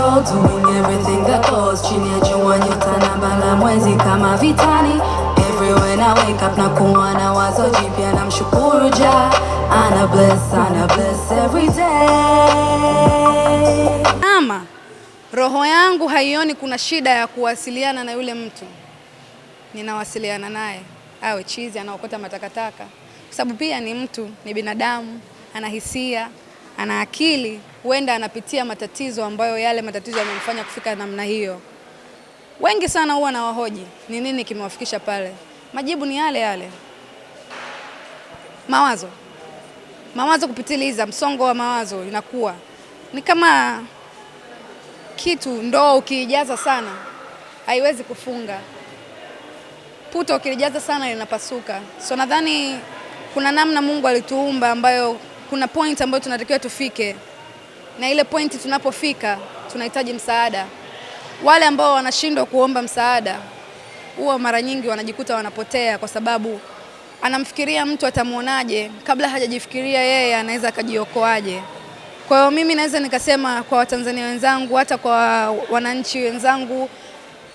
control Doing everything that goes chini ya jua nyota na bala mwezi kama vitani Everywhere na wake up na kuwa na wazo jipya na mshukuru ja Ana bless, ana bless every day Ama, roho yangu haioni kuna shida ya kuwasiliana na yule mtu Ninawasiliana naye awe chizi anaokota matakataka, kwa sababu pia ni mtu, ni binadamu, ana hisia ana akili, huenda anapitia matatizo ambayo yale matatizo yamemfanya kufika namna hiyo. Wengi sana huwa na wahoji ni nini kimewafikisha pale, majibu ni yale yale, mawazo, mawazo kupitiliza, msongo wa mawazo. Inakuwa ni kama kitu ndoo ukiijaza sana haiwezi kufunga, puto ukilijaza sana linapasuka. So nadhani kuna namna Mungu alituumba ambayo kuna point ambayo tunatakiwa tufike, na ile point tunapofika tunahitaji msaada. Wale ambao wanashindwa kuomba msaada huwa mara nyingi wanajikuta wanapotea, kwa sababu anamfikiria mtu atamwonaje kabla hajajifikiria yeye anaweza akajiokoaje. Kwa hiyo mimi naweza nikasema kwa Watanzania wenzangu, hata kwa wananchi wenzangu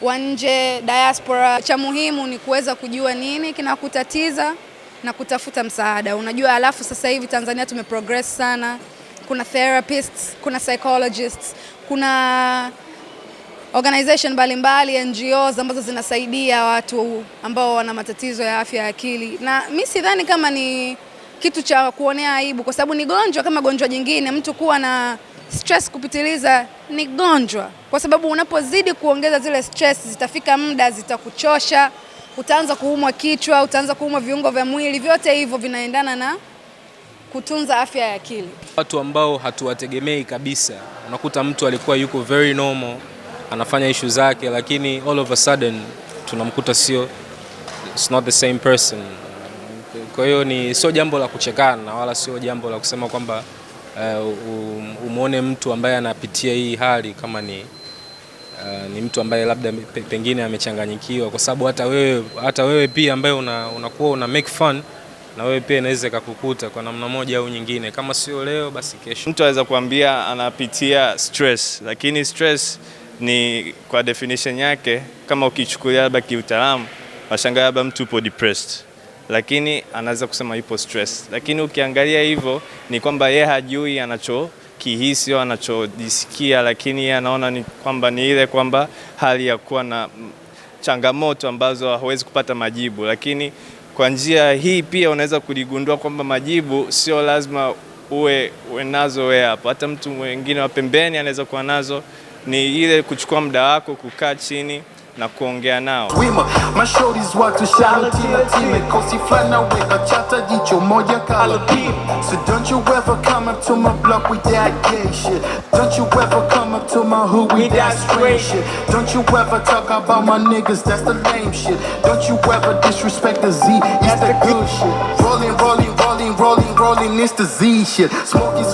wa nje, diaspora, cha muhimu ni kuweza kujua nini kinakutatiza na kutafuta msaada. Unajua, alafu sasa hivi Tanzania tumeprogress sana, kuna therapists, kuna psychologists, kuna organization mbalimbali NGOs ambazo zinasaidia watu ambao wana matatizo ya afya ya akili, na mi sidhani kama ni kitu cha kuonea aibu, kwa sababu ni gonjwa kama gonjwa jingine. Mtu kuwa na stress kupitiliza ni gonjwa, kwa sababu unapozidi kuongeza zile stress, zitafika muda zitakuchosha utaanza kuumwa kichwa, utaanza kuumwa viungo vya mwili, vyote hivyo vinaendana na kutunza afya ya akili. Watu ambao hatuwategemei kabisa, unakuta mtu alikuwa yuko very normal, anafanya issue zake, lakini all of a sudden tunamkuta sio, it's not the same person. Kwa hiyo ni sio jambo la kuchekana wala sio jambo la kusema kwamba uh, umwone mtu ambaye anapitia hii hali kama ni uh, ni mtu ambaye labda pe, pengine amechanganyikiwa, kwa sababu hata wewe, hata wewe pia ambaye unakuwa una, una make fun na wewe pia inaweza ikakukuta kwa namna moja au nyingine, kama sio leo basi kesho. Mtu anaweza kuambia anapitia stress, lakini stress ni kwa definition yake, kama ukichukulia labda kiutaalamu, washangaa labda mtu upo depressed, lakini anaweza kusema ipo stress, lakini ukiangalia hivyo ni kwamba yeye hajui anacho anachokihisi au anachojisikia, lakini yeye anaona ni kwamba ni ile kwamba hali ya kuwa na changamoto ambazo hawezi kupata majibu, lakini kwa njia hii pia unaweza kuligundua kwamba majibu sio lazima uwe nazo wewe hapo, hata mtu mwingine wa pembeni anaweza kuwa nazo. Ni ile kuchukua muda wako kukaa chini na kuongea nao wima mashauri watu shalatinatime kosi flana we achata jicho moja deep, so don't you ever come up to my block with that gay shit don't you ever come up to my hood with that strange shit don't you ever talk about my niggas that's the lame shit don't you ever disrespect the Z it's the good shit rolling rolling rolling rolling rolling it's the Z shit smoking smoking